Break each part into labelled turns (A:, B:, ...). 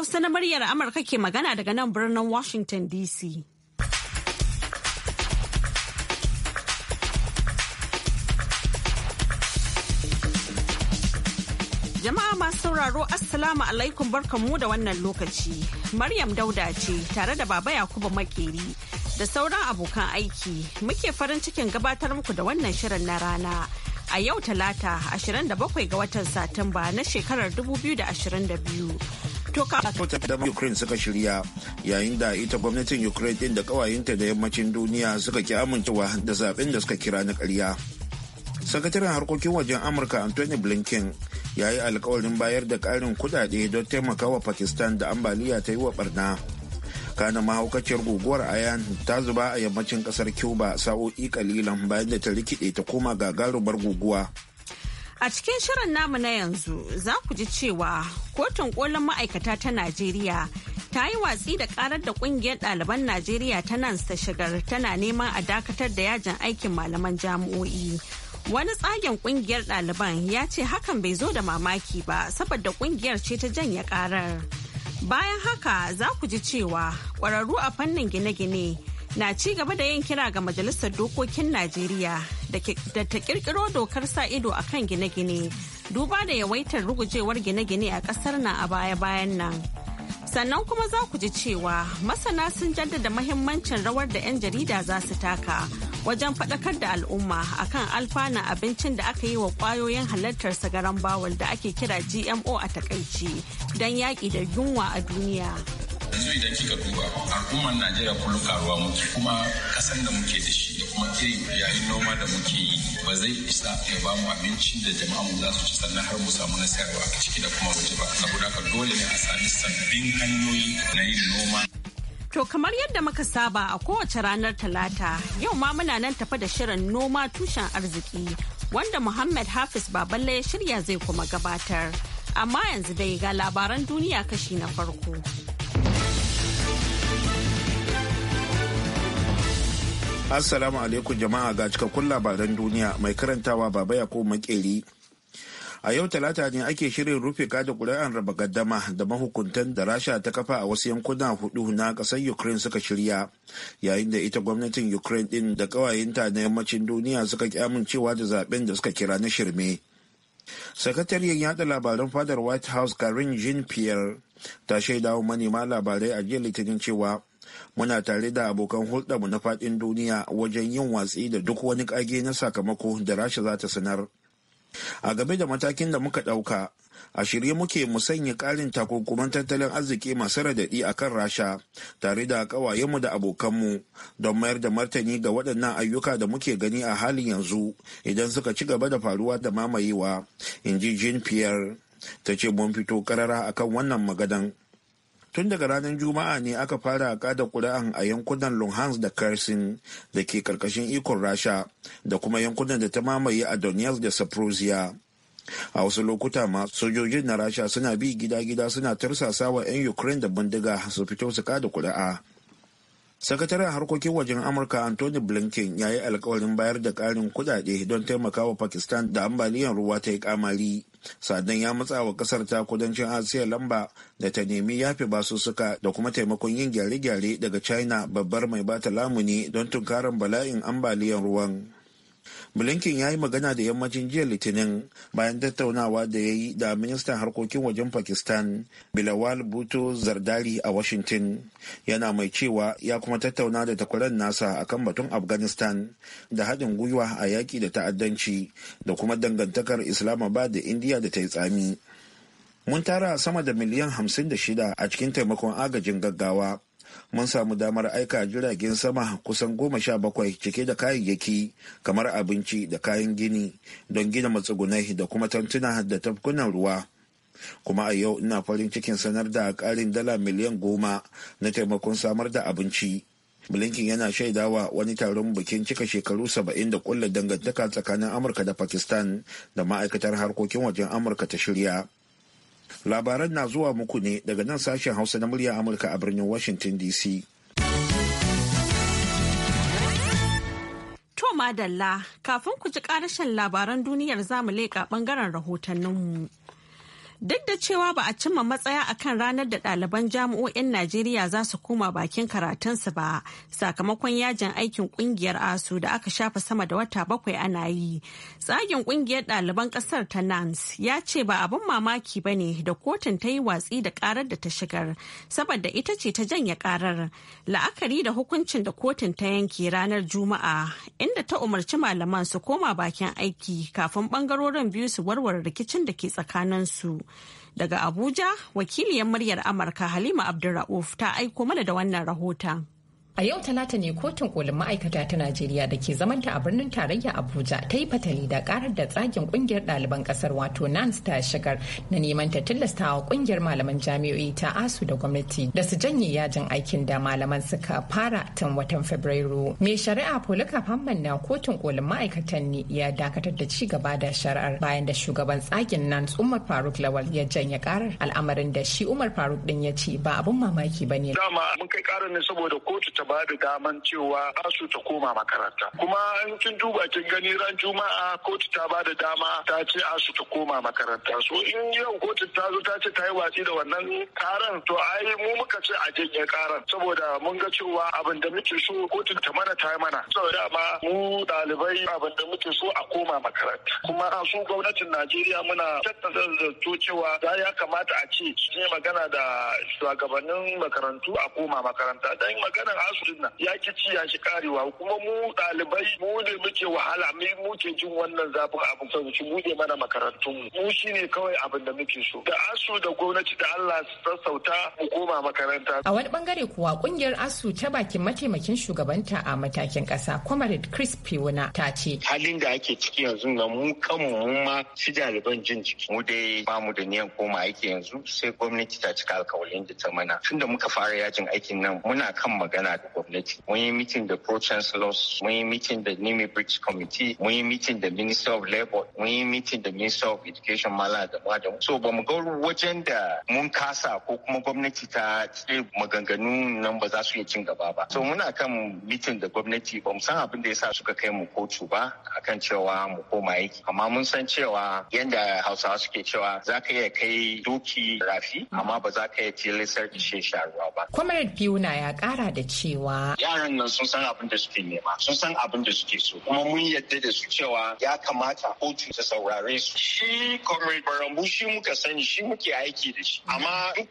A: Hausa na muryar Amurka ke magana daga nan birnin Washington DC. Jama'a masu sauraro Assalamu alaikum barkanmu da wannan lokaci. Maryam Dauda ce tare da Baba Yakubu Makeri da sauran abokan aiki muke farin cikin gabatar muku da wannan shirin na rana. A yau talata 27 ga watan Satumba na shekarar 2022.
B: da Ukraine suka shirya yayin da ita gwamnatin Ukraine din da kawayenta da yammacin duniya suka ki amincewa da zaben da suka kira na ƙarya. Sakataren harkokin wajen Amurka Anthony Blinken ya yi alkawarin bayar da ƙarin kuɗaɗe don taimakawa Pakistan da ambaliya ta yi wa barna. kana mahaukaciyar guguwar ayan ta zuba a yammacin ƙasar cuba sa'o'i kalilan bayan da ta rikide ta koma ga gagarumar guguwa
A: A cikin shirin namu na yanzu za ku ji cewa kotun kolin ma'aikata ta Najeriya ta yi watsi da karar da kungiyar ɗaliban Najeriya ta nan ta shigar tana neman a dakatar da yajin aikin malaman jami'o'i. Wani tsagen kungiyar ɗaliban ya ce hakan bai zo da mamaki ba saboda kungiyar ce ta janye karar. Bayan haka za ku ji cewa ƙwararru a fannin gine-gine na ci gaba da yin kira ga Majalisar Dokokin Najeriya da ta kirkiro dokar sa ido a kan gine-gine duba da yawaitar rugujewar gine-gine a kasar nan a baya-bayan nan. Sannan kuma za ku ji cewa masana sun jaddada mahimmancin rawar da 'yan jarida za su taka wajen faɗakar da al'umma akan alfana abincin da aka yi wa ƙwayoyin halartar sagaran bawal da ake kira GMO a takaici don yaƙi da yunwa a duniya.
C: yanzu idan kika duba al'ummar najeriya kullum karuwa muke kuma kasan da muke da shi da kuma irin yayin noma da muke yi ba zai isa ya ba mu abinci da jama'a mu za su ci sannan har mu samu nasarwa a ciki da kuma wuce ba saboda haka dole ne a sami sabbin hanyoyi na yin noma
A: To kamar yadda muka saba a kowace ranar talata yau ma muna nan tafa da shirin noma tushen arziki wanda Muhammad Hafiz Baballe ya shirya zai kuma gabatar. Amma yanzu dai ga labaran duniya kashi na farko.
B: Assalamu alaikum jama'a ga cikakkun labaran duniya mai karantawa baba ya koma makeri. A yau talata ne ake shirin rufe kada ƙuri'an raba gaddama da mahukuntan da Rasha ta kafa a wasu yankuna hudu na ƙasar Ukraine suka shirya, yayin da ita gwamnatin Ukraine ɗin da ƙawayenta na yammacin duniya suka amincewa da zaben da suka kira na shirme. Sakatariyar yada labaran fadar White House Karin Jean Pierre ta shaida wa manema labarai a jiya Litinin cewa muna tare da abokan hulɗarmu na faɗin duniya wajen yin watsi da duk wani ƙage na sakamako da rasha za ta sanar a game da matakin da muka ɗauka a shirye muke mu sanya ƙarin takunkuman tattalin arziki masu radadi a kan rasha tare da ƙawayenmu da abokanmu don mayar da martani ga waɗannan ayyuka da muke gani a halin yanzu idan suka ci gaba da faruwa da mamayewa in ji jean pierre ta ce mun fito karara akan wannan magadan tun daga ranar juma'a ne aka fara kada kuri'an a yankunan luhansk da kersin da ke karkashin ikon rasha da kuma yankunan da ta mamaye a donetsk da saprosia a wasu lokuta ma sojojin na rasha suna bi gida-gida suna tursasa wa 'yan ukraine da bindiga su fito su kada kuri'a sakataren harkokin wajen amurka anthony blinken ya yi alkawarin bayar da karin kudade don taimakawa pakistan da ambaliyar ruwa ta yi kamari sadan ya matsa wa kasar ta kudancin asiya lamba da ta nemi yafe basussuka da kuma taimakon yin gyare-gyare daga china babbar mai bata lamuni don tunkarar bala'in ambaliyar ruwan blinken ya yi magana da yammacin jiya litinin bayan tattaunawa da ya yi da ministan harkokin wajen pakistan bilawal bhutto zardari a washington yana mai cewa ya kuma tattauna da takwaran nasa akan batun afghanistan da haɗin gwiwa a yaƙi da ta'addanci da kuma dangantakar islamabad da indiya da ta yi tsami mun tara sama da miliyan shida a cikin taimakon agajin gaggawa mun samu damar aika jiragen sama kusan goma sha bakwai cike da kayayyaki kamar abinci da kayan gini don gina matsugunai da kuma tantuna da tafkunan ruwa kuma a yau ina farin cikin sanar da karin dala miliyan goma na taimakon samar da abinci blinken yana shaidawa wani taron bikin cika shekaru saba'in da kulla dangantaka tsakanin amurka da pakistan da ma'aikatar harkokin wajen amurka ta shirya Labaran na zuwa muku ne daga nan sashen Hausa na murya Amurka a birnin Washington DC.
A: To madalla, kafin ku ji karashin labaran duniyar zamu leƙa ɓangaren rahotanninmu. Duk da cewa ba a cimma matsaya a kan ranar da ɗaliban jami'o'in Najeriya za su koma bakin karatunsu ba, sakamakon yajin aikin ƙungiyar ASU da aka shafa sama da wata bakwai ana yi. Tsagin ƙungiyar ɗaliban ƙasar ta NANS ya ce ba abin mamaki ba ne da kotun ta yi watsi da ƙarar da ta shigar, saboda ita ce ta janye ƙarar. La'akari da hukuncin da kotun ta yanke ranar Juma'a, inda ta umarci malaman su koma bakin aiki kafin ɓangarorin biyu su warware rikicin da ke tsakaninsu. Daga Abuja, wakiliyar muryar Amurka Halima Abdulra'uf ta aiko mana da wannan rahoton. A yau talata ne kotun kolin ma'aikata ta Najeriya da ke zamanta a birnin tarayya Abuja ta yi
D: fatali da karar da tsagin kungiyar ɗaliban ƙasar wato nan ta shigar na neman ta tilasta wa kungiyar malaman jami'o'i ta ASU da gwamnati da su janye yajin aikin da malaman suka fara tun watan Fabrairu. Mai shari'a Folika Famman na kotun kolin ma'aikatan ne ya dakatar da ci gaba da shari'ar bayan da shugaban tsagin nan Umar Faruk Lawal ya janye karar al'amarin da shi Umar Faruk din ya ce ba abun mamaki ba ne. Dama
E: mun kai karar ne saboda kotu ba da daman cewa su ta koma makaranta kuma in kin duba kin gani ran juma'a kotu ta ba da dama ta ce asu ta koma makaranta so in yau kotu ta zo ta ce ta yi watsi da wannan karan to ai mu muka ce a janye karan saboda mun ga cewa abin da muke so kotu ta mana ta mana saboda ma mu dalibai abin da muke so a koma makaranta kuma su gwamnatin Najeriya muna tattalin zato cewa za ya kamata a ce su magana da shugabannin makarantu a koma makaranta dan maganar nasu dinnan ya ki ci ya shi karewa kuma mu ɗalibai mu ne muke wahala mu muke jin wannan zafin abin saboda shi buɗe mana makarantun mu mu shine kawai abin da muke so da asu da gwamnati da Allah su sassauta mu koma makaranta
D: a wani bangare kuwa kungiyar asu ta bakin mataimakin shugabanta a matakin ƙasa comrade chris piwuna ta ce
E: halin da ake ciki yanzu na mu kanmu mu ma shi ɗaliban jin jiki mu dai ba mu da niyan koma aiki yanzu sai gwamnati ta cika alkawalin da ta mana tunda muka fara yajin aikin nan muna kan magana ga gwamnati mun yi meeting da pro chancellors mun yi meeting da nimi bridge committee mun yi meeting da minister of labor mun yi meeting da minister of education mala da madamu so ba mu ga wajen da mun kasa ko kuma gwamnati ta ce maganganu nan ba za su iya cin gaba ba so muna kan mitin da gwamnati ba mu san abin da yasa suka kai mu kotu ba akan cewa mu koma aiki amma mun san cewa yadda hausawa suke cewa za ka iya kai doki rafi amma ba za ka iya tilasar da shi ruwa
D: ba. Kwamarar Fiuna ya kara da ce cewa
E: yaran nan sun san abin da suke nema sun san abin da suke so kuma mun yadda da su cewa ya kamata kotu ta saurare su shi comrade barambu shi muka sani shi muke aiki da shi amma duk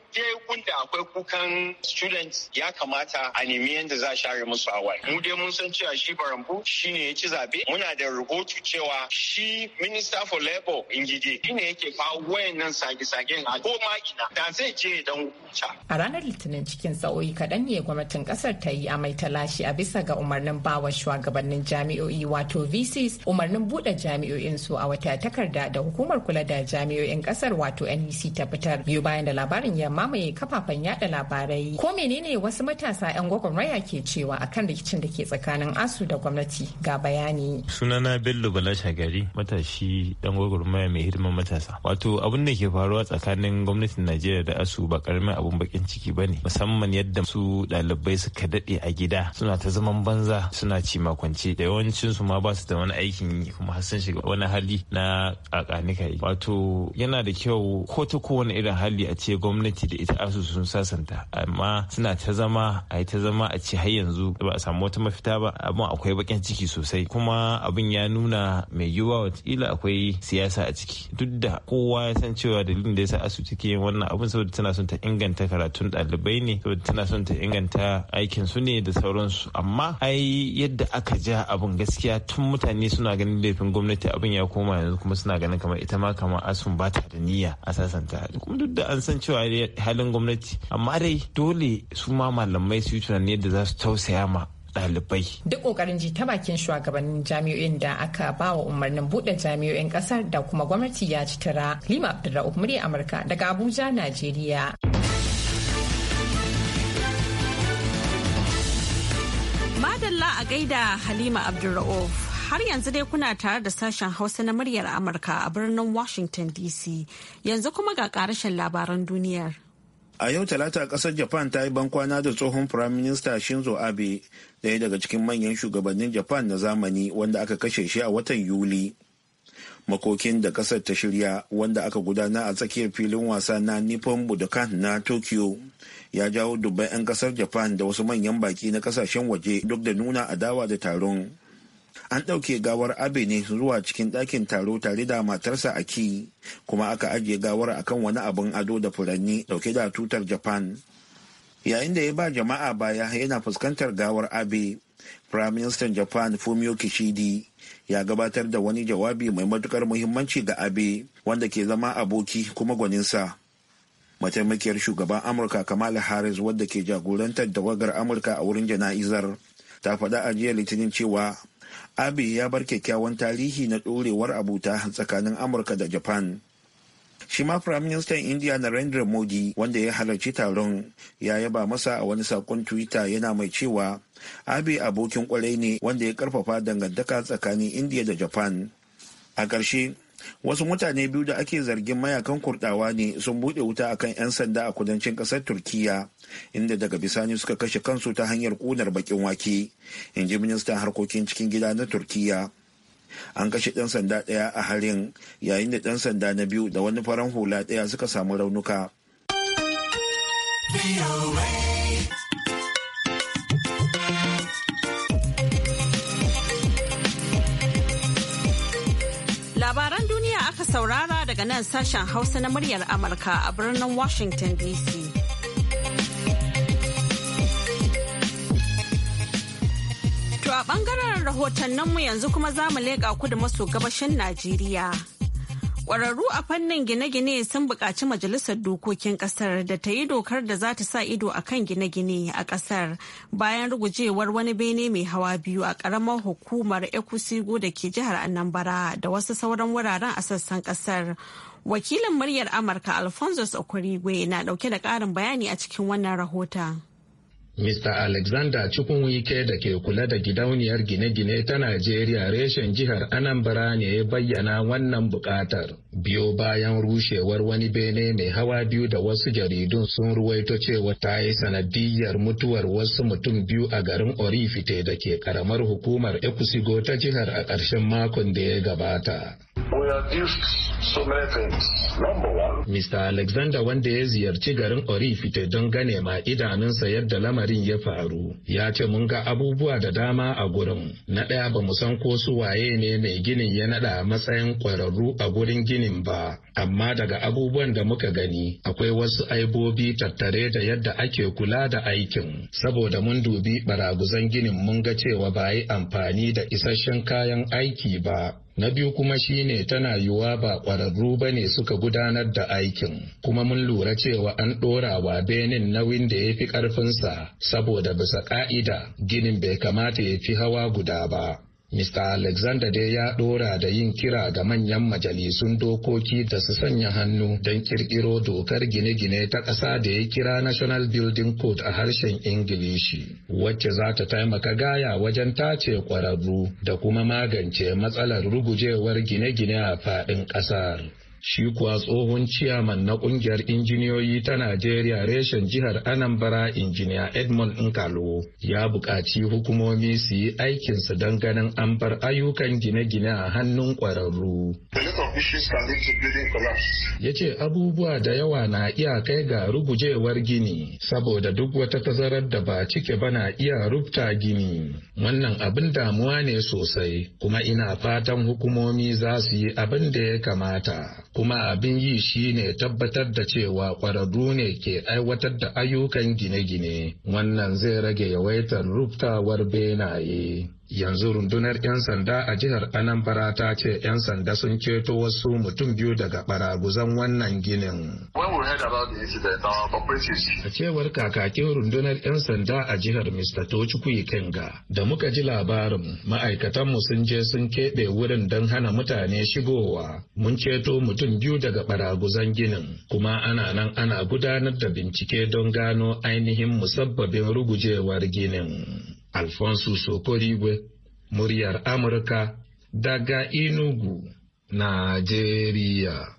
E: dai da akwai kukan students ya kamata a nemi yadda za a share musu hawaye mu dai mun san cewa shi barambu shine ya ci zabe muna da rubutu cewa shi minister for labor Shi ne yake kawo wayannan sage-sagen a ko ma ina
D: da zai je dan hukunta a ranar litinin cikin sa'o'i kaɗan ne gwamnatin ƙasar ta suka yi amai ta lashe a bisa ga umarnin bawa shugabannin jami'o'i wato vcs umarnin buɗe jami'o'in su a wata takarda da hukumar kula da jami'o'in ƙasar wato nec ta fitar biyu bayan da labarin ya mamaye kafafen yada labarai ko menene wasu matasa 'yan gwagwarmaya ke cewa akan rikicin da ke tsakanin asu da gwamnati ga bayani
F: sunana bello balasha gari matashi dan gwagwarmaya mai hidimar matasa wato abin da ke faruwa tsakanin gwamnatin najeriya da asu ba karamin abun bakin ciki bane musamman yadda su ɗalibai suka daɗe a gida suna ta zaman banza suna ci makwanci da yawancin su ma ba su da wani aikin yi kuma har sun shiga wani hali na kakanika yi wato yana da kyau ko ta kowane irin hali a ce gwamnati da ita asusu sun sasanta amma suna ta zama a yi ta zama a ce har yanzu ba a samu wata mafita ba abin akwai bakin ciki sosai kuma abin ya nuna mai yiwuwa watakila akwai siyasa a ciki duk da kowa ya san cewa dalilin da ya sa asu take wannan abin saboda tana son ta inganta karatun ɗalibai ne saboda tana son ta inganta aikin su ne da sauransu amma ai yadda aka ja abun gaskiya tun mutane suna ganin laifin gwamnati abin ya koma yanzu kuma suna ganin kamar ita ma kamar asun ba ta da niyya a sasanta kuma duk da an san cewa halin gwamnati amma dai dole su ma malamai su yi tunanin yadda za su tausaya
E: ma dalibai.
D: Duk kokarin ji ta bakin shugabannin jami'o'in da aka ba wa umarnin buɗe jami'o'in ƙasar da kuma gwamnati ya ci tara. Lima Abdulrahman murya Amurka daga Abuja,
A: Najeriya. Madalla a gaida Halima Abdulra'uf. Har yanzu dai kuna tare da sashen Hausa na muryar Amurka a birnin Washington DC. Yanzu kuma ga karashen labaran duniyar.
B: A yau talata kasar Japan ta yi bankwana da tsohon Prime Minister Shinzo Abe, daya daga cikin manyan shugabannin Japan na zamani wanda aka kashe shi a watan Yuli. Makokin da kasar ta shirya wanda aka gudana a tsakiyar filin wasa na Nippon Budokan na Tokyo. ya jawo dubban 'yan kasar japan da wasu manyan baki na kasashen waje duk da nuna adawa da taron an ɗauke gawar abe ne zuwa cikin dakin taro tare da matarsa a ki kuma aka ajiye gawar akan wani abin ado da furanni ɗauke da tutar japan yayin da ya ba jama'a baya yana fuskantar gawar abe prime minister japan fumio kishidi ya gabatar da wani jawabi mai matukar muhimmanci ga abe wanda ke zama aboki kuma gwaninsa mataimakiyar shugaban amurka kamala harris wadda ke jagorantar dawagar amurka a wurin jana'izar ta faɗa a jiya litinin cewa abe ya bar kyakkyawan tarihi na ɗorewar abuta tsakanin amurka da japan shi ma prime minister india narendra modi wanda ya halarci taron ya yaba masa a wani sakon twitter yana mai cewa abe abokin kwarai ne wanda ya karfafa dangantaka tsakanin india da japan a ƙarshe wasu mutane biyu da ake zargin mayakan kurdawa ne sun buɗe wuta akan 'yan sanda a kudancin ƙasar turkiya inda daga bisani suka kashe kansu ta hanyar kunar bakin wake in ji ministan harkokin cikin gida na turkiya an kashe ɗan sanda ɗaya a harin yayin da ɗan sanda na biyu da wani faran hula ɗaya suka samu raunuka
A: saurara daga nan sashen Hausa na muryar Amurka a birnin Washington DC. To a bangaren rahotanninmu yanzu kuma za mu leƙa kudu maso gabashin Najeriya. Kwararru a fannin gine-gine sun buƙaci Majalisar Dokokin Ƙasar da ta yi dokar da za ta sa ido a kan gine-gine a ƙasar bayan rugujewar wani bene mai hawa biyu a ƙaramar hukumar Ekusigo da ke jihar Anambra da wasu sauran wuraren a sassan ƙasar. Wakilin muryar Amurka Alphonsus Okurigwe na ɗauke da ƙarin bayani a cikin wannan rahoton.
G: Mr. Alexander wike da ke kula da gidauniyar gine-gine ta Najeriya reshen jihar Anambra ne ya bayyana wannan bukatar. Biyo bayan rushewar wani bene mai hawa biyu da wasu jaridun sun ruwaito cewa ta yi sanadiyar mutuwar wasu mutum biyu a garin Orifite da ke karamar hukumar Ekusigo ta jihar a ƙarshen makon da ya gabata. We Mr. Alexander wanda ya ziyarci garin Orifite don gane ma idanunsa yadda lamarin ya faru. Ya ce mun ga abubuwa da dama a gurin. Na ɗaya ba mu san ko su waye ne mai ginin ya naɗa matsayin ƙwararru a gurin ginin ba. amma daga abubuwan da muka gani akwai wasu aibobi tattare da yadda ake kula da aikin saboda mun dubi baraguzan ginin mun ga cewa ba yi amfani da isasshen kayan aiki ba na biyu kuma shine tana yiwuwa ba ƙwararru ba ne suka gudanar da aikin kuma mun lura cewa an ɗora wa benin nauyin da ya fi ƙarfinsa saboda bisa ƙa'ida ginin bai kamata ya fi hawa guda ba Mr. Alexander dai ya ɗora da yin kira ga manyan majalisun dokoki da su sanya hannu don kirkiro dokar gine-gine ta ƙasa da ya kira National Building Code a harshen Ingilishi, wacce za ta taimaka gaya wajen tace ƙwararru da kuma magance matsalar rugujewar gine-gine a faɗin ƙasar. shi kuwa tsohon ciyaman na kungiyar injiniyoyi ta Najeriya reshen jihar Anambra injiniya Edmond Nkalo ya buƙaci hukumomi su yi aikinsu don ganin an bar ayyukan gine-gine a hannun ƙwararru. Ya ce abubuwa da yawa na iya kai ga rugujewar gini saboda duk wata tazarar da ba cike ba na iya rubta gini. Wannan abin damuwa ne sosai kuma ina fatan hukumomi za su yi abin da ya kamata. kuma abin yi shi ne tabbatar da cewa ƙwararru ne ke aiwatar da ayyukan gine-gine wannan zai rage yawaitar ruftawar benaye. yanzu rundunar 'yan sanda a jihar anambra ta ce 'yan sanda sun ceto wasu mutum biyu daga baraguzan wannan ginin a cewar kakakin rundunar 'yan sanda a jihar mr tochukwu kenga da muka ji labarin ma'aikatanmu sun je sun keɓe wurin don hana mutane shigowa mun ceto mutum biyu daga baraguzan ginin kuma ana nan ana gudanar da bincike don gano ainihin musabbabin rugujewar ginin alfonsus okorigwe muryar amurka daga inugu Nigeria.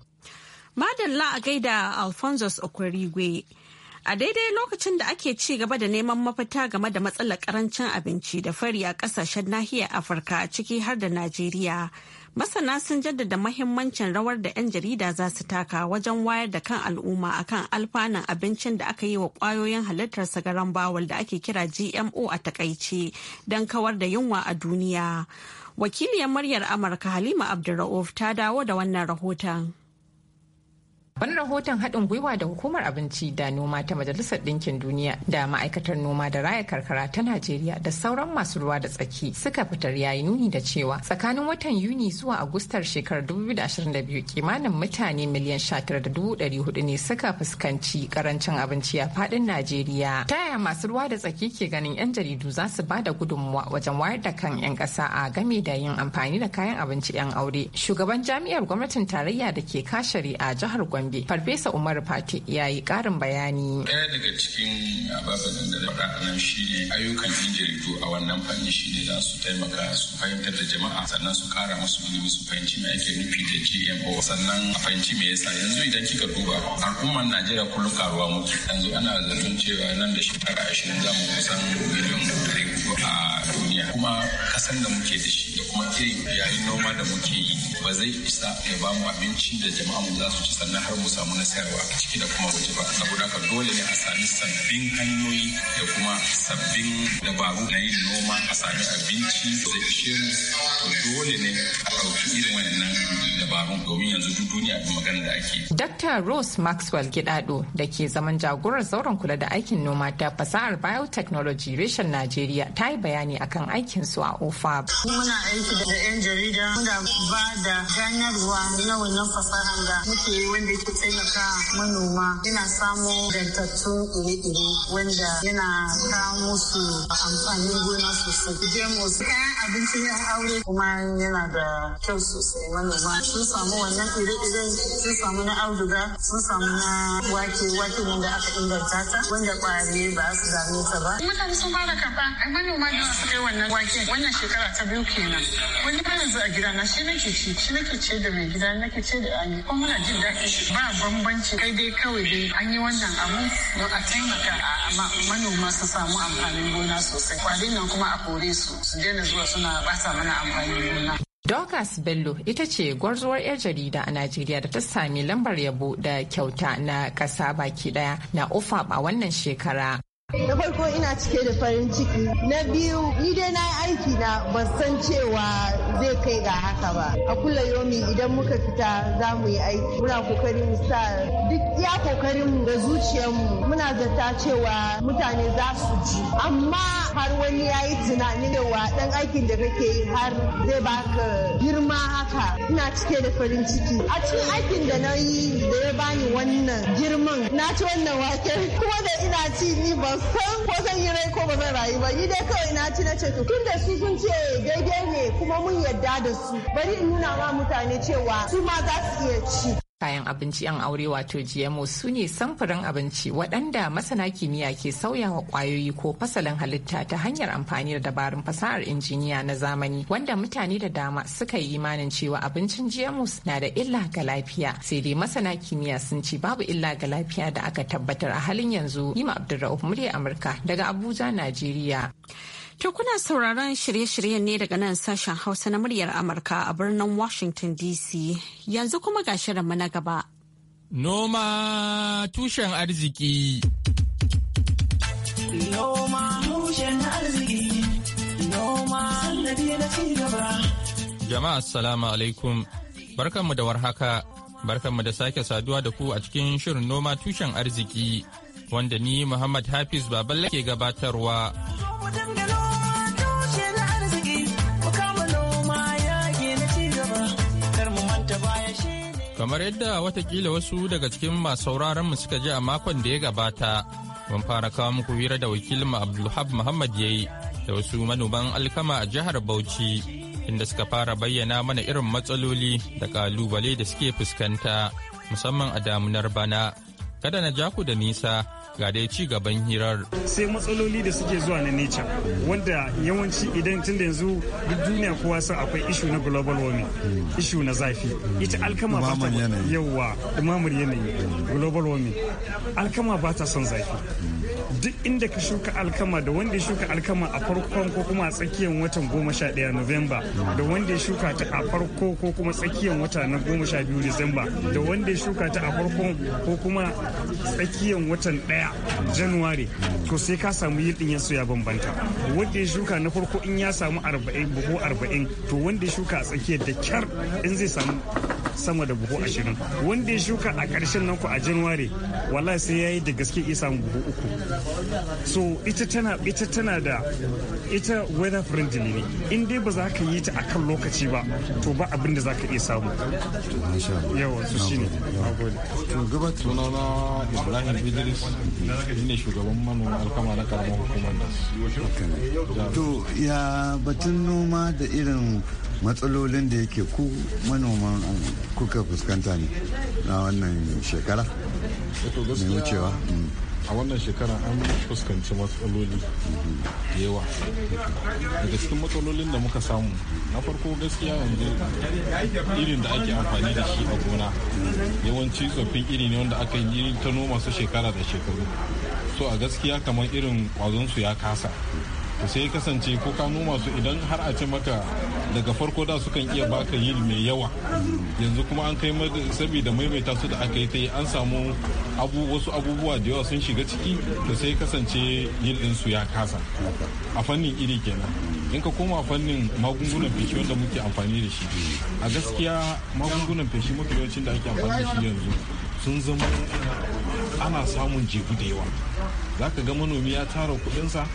A: madalla a gaida alfonsus okorigwe A daidai lokacin da ake ci gaba da neman mafita game da matsalar karancin abinci da fari a kasashen nahiyar Afirka ciki har da Najeriya. Masana sun jaddada mahimmancin rawar da 'yan jarida za su taka wajen wayar da kan al'umma akan alfanan abincin da aka yi wa kwayoyin halittar sagaran bawal da ake kira GMO a takaice don kawar da yunwa a duniya. Wakiliyar muryar Amurka Halima Abdulra'uf ta dawo da wannan rahoton. Wani rahoton haɗin gwiwa da hukumar
D: abinci da noma ta Majalisar Ɗinkin Duniya da ma'aikatar noma da raya karkara ta Najeriya da sauran masu ruwa da tsaki suka fitar ya yi nuni da cewa tsakanin watan Yuni zuwa Agustar shekarar 2022 kimanin mutane miliyan 19,400 ne suka fuskanci karancin abinci a faɗin Najeriya. Ta yaya masu ruwa da tsaki ke ganin 'yan jaridu za su ba da gudunmuwa wajen wayar da kan 'yan ƙasa a game da yin amfani da kayan abinci 'yan aure. Shugaban jami'ar gwamnatin tarayya da ke kashari a jihar Gwamnati Gombe. Farfesa Umar Fati ya yi ƙarin bayani.
C: Ɗaya daga cikin ababen da na faɗa nan shi ne ayyukan yin jaridu a wannan fanni shi ne za su taimaka su fahimtar da jama'a sannan su ƙara musu ilimi su fahimci me ake nufi da GMO sannan a fahimci me yasa yanzu idan kika duba al'ummar Najeriya kullu karuwa muke yanzu ana zaton cewa nan da shekara ashirin za mu kusan miliyan ɗari a duniya kuma kasan da muke da shi da kuma irin yayin noma da muke yi ba zai isa ya ba mu abincin da jama'a mu za su ci sannan kar mu samu nasarwa ciki da kuma waje ba saboda haka dole ne a sami sabbin hanyoyi da kuma sabbin dabaru na yin noma a sami abinci da shirin to dole ne a ɗauki irin wannan dabarun domin yanzu duk duniya da magana da ake.
D: Dr. Rose Maxwell Gidado da ke zaman jagorar zauren kula da aikin noma ta fasahar biotechnology reshen Najeriya ta yi bayani akan aikin su a OFAB. Muna
H: aiki da 'yan jarida muna ba da ganarwa na wannan fasahar da muke yi wanda yake taimaka manoma yana samo dantattun ire-ire wanda yana kawo musu amfanin gona sosai. Jamus kayan abincin yan aure kuma yana da kyau sosai manoma sun samu wannan ire-iren sun samu na auduga sun samu na wake wake ne da aka inganta ta wanda kwari ba su dame ta ba. Mutane sun fara karɓa manoma da su kai wannan wake wannan shekara ta biyu kenan wani ba yanzu a gida na shi nake ci shi nake ce da mai gida nake ce da ani kuma muna jin daɗi ba bambanci kai dai kawai dai an yi wannan abu don a taimaka a manoma su samu amfanin gona sosai kwari nan kuma a kore su su daina zuwa suna mana amfani gona.
D: Dorcas Bello ita ce gwarzuwar 'yar jarida a Najeriya da ta sami lambar yabo da kyauta na ƙasa baki ɗaya na OFAP a wannan shekara.
I: na farko ina cike da farin ciki. Na biyu, ni dai na yi aiki na ban san cewa zai kai ga haka ba. A kula yomi idan muka fita za mu yi aiki. Muna kokari sa duk iya kokarin mu da zuciyarmu muna zata cewa mutane za su ji. Amma har wani ya yi tunani cewa dan aikin da kake yi har zai baka girma haka. Ina cike da farin ciki. A cikin aikin da na yi da ya bani wannan girman na ci wannan waken kuma da ina ci ni ba. san ko zan yi rai ko ba zan rayu ba ni dai kawai na ci na ce to tun da su sun ce daidai ne kuma mun yadda da su bari in nuna ma mutane cewa su ma za su iya ci
D: Kayan abinci yan aure wato GMO su ne samfurin abinci waɗanda masana kimiyya ke sauya wa ƙwayoyi ko fasalin halitta ta hanyar amfani da dabarun fasahar injiniya na zamani wanda mutane da dama suka yi imanin cewa abincin GMOs na da illa ga lafiya. Sai dai masana kimiyya sun ce babu illa ga lafiya da aka
A: tabbatar a halin yanzu. Nima Abdulrahman murya Amurka daga Abuja, Najeriya. To kuna sauraron shirye-shiryen ne daga nan sashen Hausa na muryar Amurka a birnin Washington DC. Yanzu kuma ga shirinmu na gaba.
I: Noma tushen arziki. Noma tushen arziki. Noma Jama'a assalamu alaikum. Barkanmu da warhaka. Barkanmu da sake saduwa da ku a cikin shirin noma tushen arziki wanda ni Muhammad Hafiz Baballe ke gabatarwa. Kamar yadda watakila wasu daga cikin masu sauraron mu suka ji a makon da ya gabata, mun fara kawo muku hira da wakilin Abdulhab Muhammad ya yi da wasu manoman alkama a jihar Bauchi, inda suka fara bayyana mana irin matsaloli da kalubale da suke fuskanta, musamman a damunar bana. Kada na ja ku da nisa. ga dai ci gaban hirar.
E: Sai matsaloli da suke zuwa na nature wanda yawanci idan tun da yanzu duk duniya kowa sa akwai ishu na global warming, ishu na zafi. Ita alkama ba ta yawa, umamur yanayi, global warming. Alkama ba ta son zafi. duk inda ka shuka alkama da wanda ya shuka alkama a farkon ko kuma a tsakiyar watan goma sha ɗaya novemba da wanda ya shuka ta a farko ko kuma tsakiyar wata na goma sha biyu Disamba da wanda ya shuka ta a farkon ko kuma tsakiyar watan ɗaya Januwari to sai ka samu din yasu ya bambanta wanda ya shuka na farko in ya samu arba'in buhu arba'in to wanda ya shuka a tsakiyar da kyar in zai samu sama da buhu ashirin wanda ya shuka a ƙarshen nan ku a januwari wallahi sai ya yi da gaske isa buhu uku so ita tana ita tana da ita weather friendly ne in dai ba za ka yi ta akan lokaci ba to ba abin da za ka iya samu yawa su shine to gaba na ibrahim
C: idris ne shugaban manoma alkama na karamar hukumar
H: to ya batun noma da irin matsalolin da yake ku manoman kuka fuskanta ne na wannan shekara eh
C: mai wucewa mm. a wannan shekara an fuskanci matsaloli da yawa daga cikin matsalolin da muka samu na farko gaskiya yanzu irin da ake amfani da shi a gona yawanci tsoffin iri ne wanda aka yi ta noma su shekara da shekaru to a gaskiya kamar irin kwazon su ya kasa sai kasance ko ka noma su idan har a ce maka daga farko da sukan iya baka yil mai yawa yanzu kuma an kai saboda maimaita su da aka yi ta yi an samu wasu abubuwa da yawa sun shiga ciki da sai kasance yil su ya kasa a fannin iri kenan in ka koma fannin magungunan feshi wanda muke amfani da shi a gaskiya magungunan feshi mafi yawancin da ake amfani da shi yanzu sun zama ana samun jebu da yawa za ka ga manomi ya tara kudinsa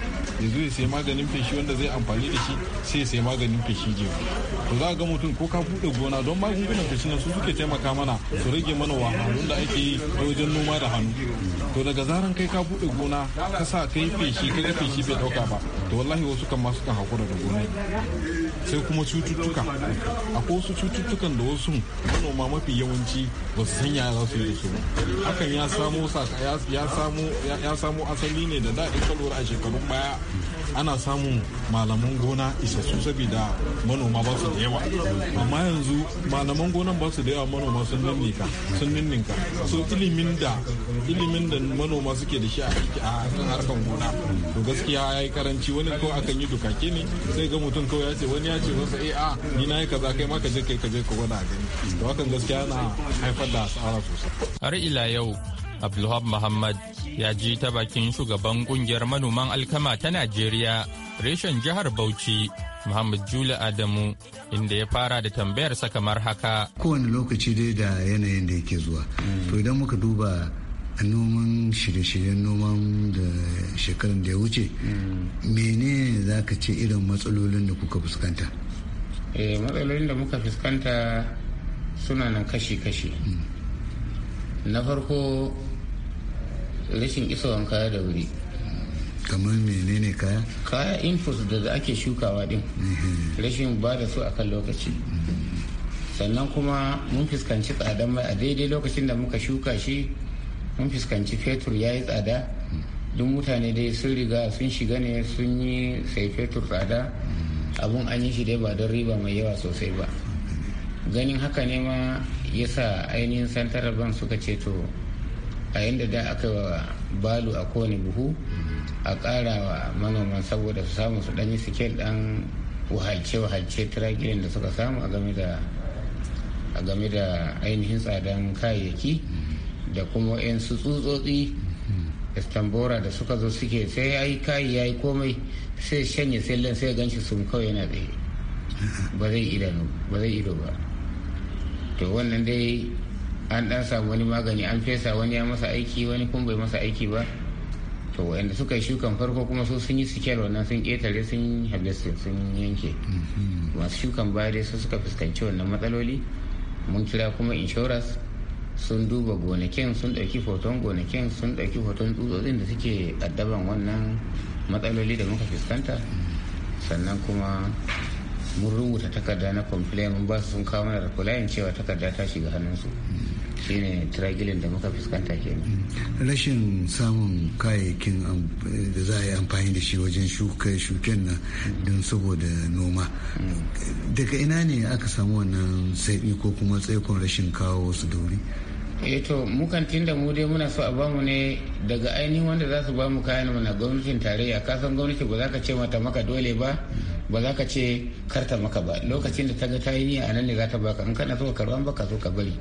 C: ya ya sai maganin feshi wanda zai amfani da shi sai sai maganin feshi jefu to za ga mutum ko ka bude gona don magungunan feshi na su suke taimaka mana su rage mana wahalun da ake yi wajen noma da hannu to daga zaran kai ka bude gona ka sa kai feshi kai feshi bai dauka ba to wallahi wasu kan ma sukan hakura da gona sai kuma cututtuka akwai wasu cututtukan da wasu manoma mafi yawanci ba su sanya za su yi su hakan ya samo asali ne da daɗin kalwar a shekarun baya ana samun malaman gona isassu saboda manoma ba su da yawa amma yanzu malaman gona ba su da yawa manoma sun ninninka sun ninninka so ilimin da ilimin da manoma suke da shi a kan harkan gona to gaskiya ya yi karanci wani kawai akan yi dukake ne sai ga mutum kawai ya ce wani ya ce masa eh, a ah, ni na yi kaza kai ma ka je kai ka je ka gwada gani to hakan gaskiya na haifar da asara sosai
I: har ila yau Abdulhab Muhammad ya ji ta bakin shugaban kungiyar manoman alkama ta Najeriya reshen jihar Bauchi Muhammad Jula Adamu inda ya fara da tambayar sa kamar haka.
H: Kowane lokaci dai da yanayin da yake zuwa. To idan muka duba noman shirye-shiryen noman da shekarun da ya wuce mene za ka ce irin matsalolin da kuka fuskanta eh matsalolin da muka fuskanta suna nan kashi-kashi hmm. na farko rashin isowan kaya da wuri kamar menene kaya kaya input da ake shukawa din mhm. rashin ba da su akan lokaci mhm. sannan kuma mun fuskanci tsadan mai a daidai lokacin da muka shuka shi mun fuskanci fetur ya yi tsada mhm. duk mutane dai sun riga sun shiga ne sun yi sai fetur tsada abun an yi shi dai ba don riba mai yawa sosai ba ganin haka ne ma ya sa ainihin santarar ban suka ce to a yadda da aka wa balu a kowane buhu a kara wa manoman saboda su samu su ɗanyi sikel ɗan wahalce-wahalce tiragirin da suka samu a game da a game da ainihin tsadan kayayyaki da kuma 'yan su tsutsotsi istambora da suka zo suke sai ya yi kayi ya yi komai sai shanye sai sai ganshi sun kawai yana tsaye ba zai ido ba to wannan dai an dan samu wani magani an fesa wani ya masa aiki wani kuma bai masa aiki ba to wanda suka yi shukan farko kuma su sun yi sikel wannan sun ƙetare sun halittu sun yanke mm-hmm. masu shukan baya dai su suka fuskanci wannan matsaloli mun kira kuma insurance sun duba gonakin sun ɗauki hoton gonakin sun ɗauki hoton tsutsotsin da suke addaban wannan matsaloli da muka fuskanta sannan kuma mun rubuta takarda na complain mun ba su sun kawo mana da cewa takarda ta shiga hannunsu mm-hmm. shine tragilin da muka fuskanta kenan rashin samun kayayyakin da za a yi amfani da shi wajen shuka shuken na don saboda noma daga ina ne aka samu wannan saiɗi ko kuma tsaikon rashin kawo wasu dauri e eh to mukan tinda mu dai muna so a bamu ne daga ainihin wanda za su bamu kayan mu na gwamnatin tarayya kasan gwamnati ba za ka ce mata maka dole ba ba za ka ce karta maka ba lokacin da ta ga ta yi niyya a nan ne za ta baka in kana so ka karban ka so ka bari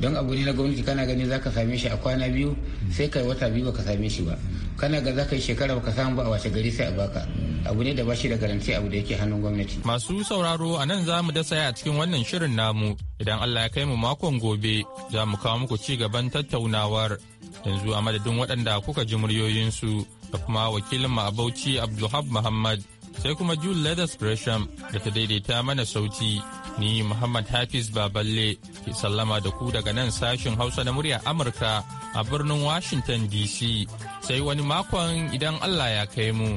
H: don abu ne na gwamnati kana gani za ka same shi a kwana biyu sai kai wata biyu ka same shi ba kana ga za ka yi shekara ka samu ba a wace gari sai a baka abu ne da ba shi da garanti abu da yake hannun gwamnati.
I: masu sauraro a nan za mu dasa a cikin wannan shirin namu idan allah ya kai mu makon gobe za mu kawo muku ci gaban tattaunawar yanzu a madadin waɗanda kuka ji muryoyinsu da kuma wakilin mu a bauchi abdulhab muhammad sai kuma jule leathers gresham da ta daidaita mana sauti Ni Muhammad Hafiz Baballe ke sallama da ku daga nan sashin Hausa na murya Amurka a birnin Washington DC. Sai wani makon idan Allah ya kai mu.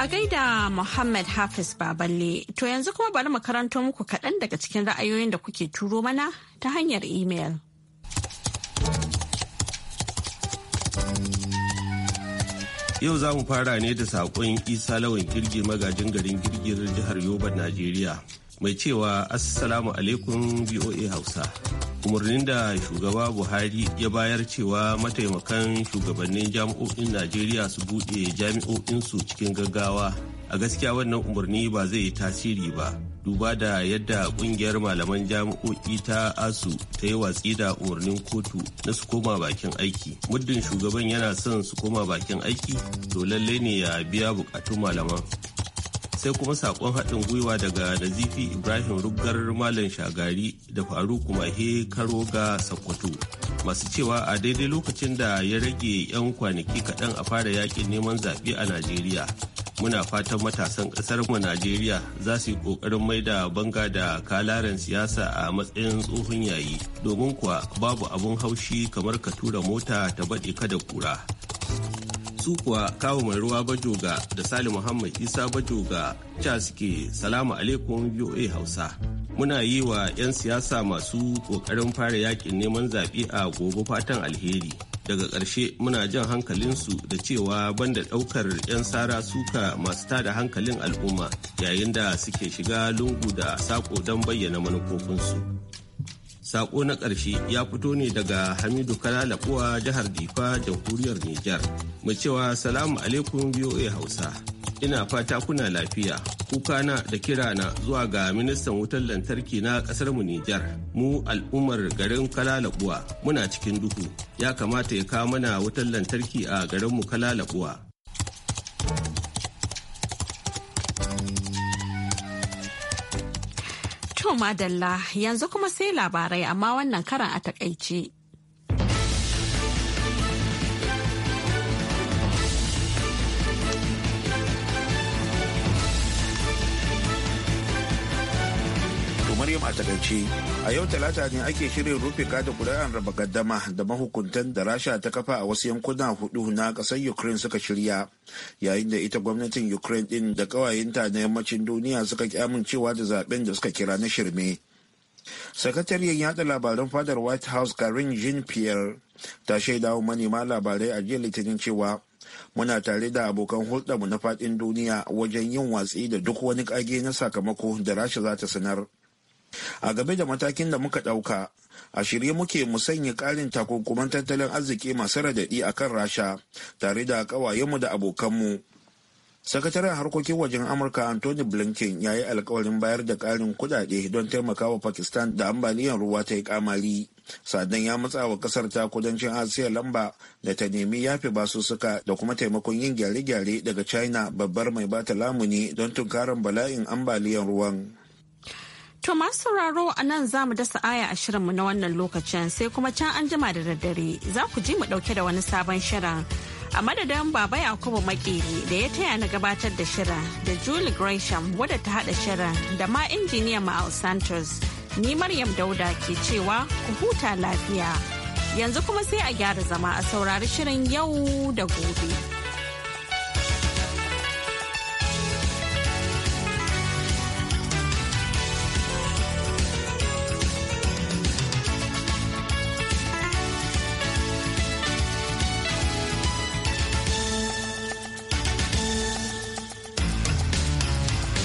A: A gaida Muhammad Hafiz Baballe, to yanzu kuma bari mu muku kaɗan daga cikin ra'ayoyin da kuke turo mana ta hanyar email.
J: Yau za mu fara ne da saƙon Isa Lawan Girgi magajin garin girgir jihar Yoba, Najeriya. Mai cewa Assalamu alaikum BOA Hausa. Umarnin da shugaba Buhari ya bayar cewa mataimakan shugabannin jami'o'in Najeriya su buɗe jami'o'insu cikin gaggawa. A gaskiya wannan umarni ba zai yi tasiri ba. duba da yadda kungiyar malaman jami'o'i ta asu ta yi watsi da umarnin kotu na su koma bakin aiki muddin shugaban yana son su koma bakin aiki to lallai ne ya biya bukatun malaman sai kuma sakon haɗin gwiwa daga nazifi ibrahim ruggar malam shagari da faru he karo ga sakkwato masu cewa a daidai lokacin da ya rage 'yan kwanaki kaɗan a fara yakin neman zaɓe a najeriya muna fatan matasan mu najeriya za su yi ƙoƙarin da banga da kalaren siyasa a matsayin tsohon yayi domin kuwa babu abun haushi kamar ka tura mota ta baɗe kada kura su kuwa kawo mai ruwa bajoga da sali muhammad isa bajoga ca suke salamu alaikum voa hausa muna yi wa 'yan siyasa masu ƙoƙarin fara yakin neman zaɓe a gobe fatan alheri daga ƙarshe muna jan hankalinsu da cewa banda ɗaukar 'yan sara suka masu tada hankalin al'umma yayin da suke shiga lungu da saƙo don bayyana manufofinsu saƙo na ƙarshe ya fito ne daga hamidu kalalakuwa jihar difa jamhuriyar nijar mai cewa salamu alaikum voa hausa ina fata kuna lafiya kukana da kirana zuwa ga ministan wutar lantarki na kasar mu Nijar mu al'ummar garin Kalalabuwa muna cikin duhu ya kamata ya kawo mana wutar lantarki a garinmu mu Kalalabuwa
A: To madalla yanzu kuma sai labarai amma wannan karan a takaice.
B: takaice a yau talata ne ake shirin rufe kada kuri'an raba gaddama da mahukuntan da rasha ta kafa a wasu yankuna hudu na kasar ukraine suka shirya yayin da ita gwamnatin ukraine din da kawayenta na yammacin duniya suka cewa da zaben da suka kira na shirme sakatariyar yada labaran fadar white house karin jean pierre ta shaida wa manema labarai a jiya litinin cewa muna tare da abokan hulɗarmu na faɗin duniya wajen yin watsi da duk wani ƙage na sakamako da rasha za ta sanar a game da matakin da muka ɗauka a shirye muke mu sanya ƙarin takunkuman tattalin arziki masu radadi a kan rasha tare da mu da abokanmu sakataren harkokin wajen amurka anthony blinken ya yi alkawarin bayar da ƙarin kuɗaɗe don taimakawa pakistan da ambaliyar ruwa ta yi kamari sadan ya matsa wa kasar ta kudancin asiya lamba da ta nemi yafe basussuka da kuma taimakon yin gyare-gyare daga china babbar mai bata lamuni don tunkarar bala'in ambaliyar ruwan
A: To masu sauraro a nan za mu dasa aya a shirinmu na wannan lokacin sai kuma can an jima da daddare za ku ji mu dauke da wani sabon shirin. A madadin Baba Yakubu Makeri da ya taya na gabatar da shirin da Julie Gresham wadda ta haɗa shirin da ma injiniya Ma'al Santos. Ni Maryam Dauda ke cewa ku huta lafiya. Yanzu kuma sai a gyara zama a saurari shirin yau da gobe.